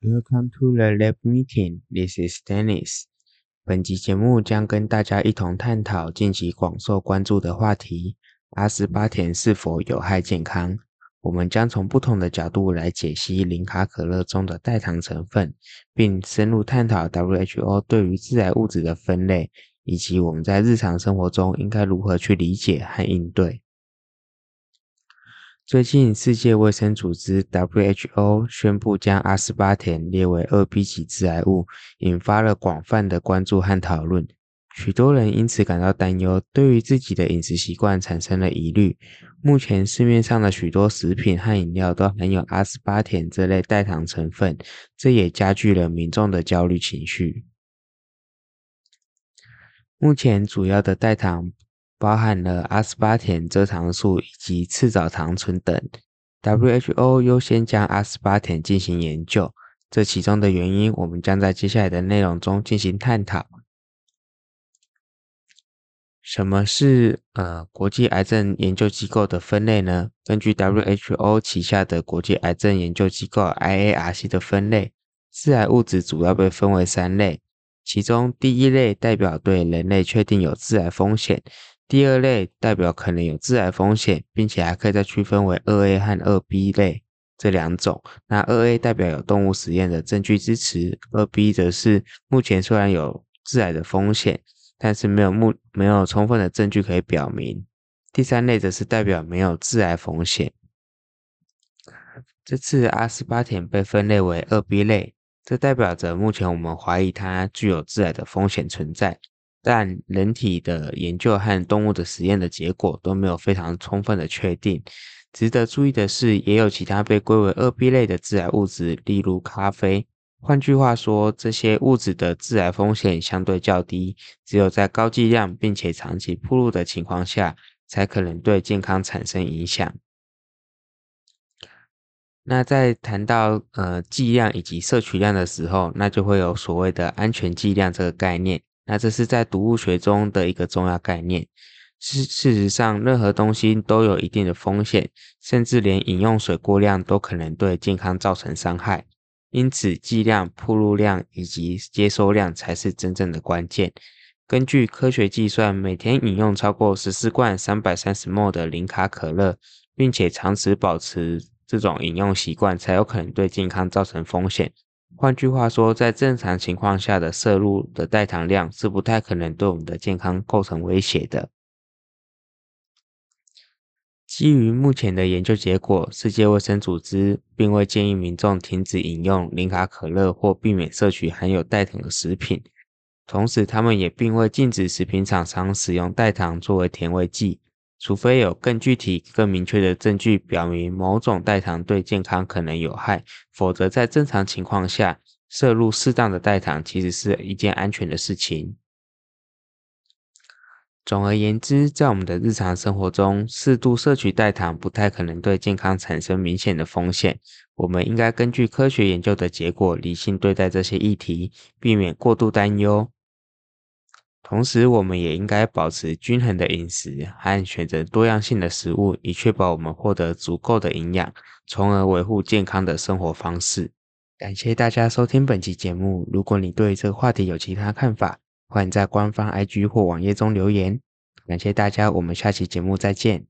Welcome to the lab meeting. This is Dennis. 本集節目將跟大家一同探討近期廣受關注的話題：阿斯巴甜是否有害健康？我們將從不同的角度來解析零卡可樂中的代糖成分，並深入探討 WHO 對於致癌物質的分類，以及我們在日常生活中應該如何去理解和應對。最近，世界衛生組織 （WHO） 宣布將阿斯巴甜列為二 B 級致癌物，引發了廣泛的關注和討論。許多人因此感到擔憂，對於自己的飲食習慣產生了疑慮。目前，市面上的許多食品和飲料都含有阿斯巴甜這類代糖成分，這也加劇了民眾的焦慮情緒。目前，主要的代糖。包含了阿斯巴甜、蔗糖素以及赤藻糖醇等。WHO 優先將阿斯巴甜進行研究，這其中的原因我們將在接下來的內容中進行探討。什麼是呃國際癌症研究機構的分類呢？根據 WHO 旗下的國際癌症研究機構 IARC 的分類，致癌物質主要被分為三類，其中第一類代表對人類確定有致癌風險。第二類代表可能有致癌風險，並且還可以再區分為二 A 和二 B 類這兩種。那二 A 代表有動物實驗的證據支持，二 B 則是目前雖然有致癌的風險，但是沒有目沒有充分的證據可以表明。第三類則是代表沒有致癌風險。這次阿斯巴甜被分類為二 B 類，這代表着目前我們懷疑它具有致癌的風險存在。但人體的研究和動物的實驗的結果都沒有非常充分的確定。值得注意的是，也有其他被歸為二 B 類的致癌物質，例如咖啡。換句話說，這些物質的致癌風險相對較低，只有在高劑量並且長期暴露的情況下，才可能對健康產生影響。那在談到呃劑量以及攝取量的時候，那就會有所謂的安全劑量這個概念。那這是在毒物學中的一個重要概念。事事實上，任何東西都有一定的風險，甚至連飲用水過量都可能對健康造成傷害。因此，劑量、曝露量以及接收量才是真正的關鍵。根據科學計算，每天飲用超過十四罐三百三十 ml 的零卡可樂，並且長時保持這種飲用習慣，才有可能對健康造成風險。換句話說，在正常情況下的攝入的代糖量是不太可能對我們的健康構成威脅的。基於目前的研究結果，世界衛生組織並未建議民眾停止飲用零卡可樂或避免攝取含有代糖的食品，同時他們也並未禁止食品廠商使用代糖作為甜味劑。除非有更具體、更明確的證據表明某種代糖對健康可能有害，否則在正常情況下，攝入適當的代糖其實是一件安全的事情。總而言之，在我們的日常生活中，適度攝取代糖不太可能對健康產生明顯的風險。我們應該根據科學研究的結果，理性對待這些議題，避免過度擔憂。同時，我們也應該保持均衡的飲食，和選擇多樣性的食物，以確保我們獲得足夠的營養，從而維護健康的生活方式。感謝大家收聽本期節目，如果你對這個話題有其他看法，歡迎在官方 IG 或網頁中留言。感謝大家，我們下期節目再見。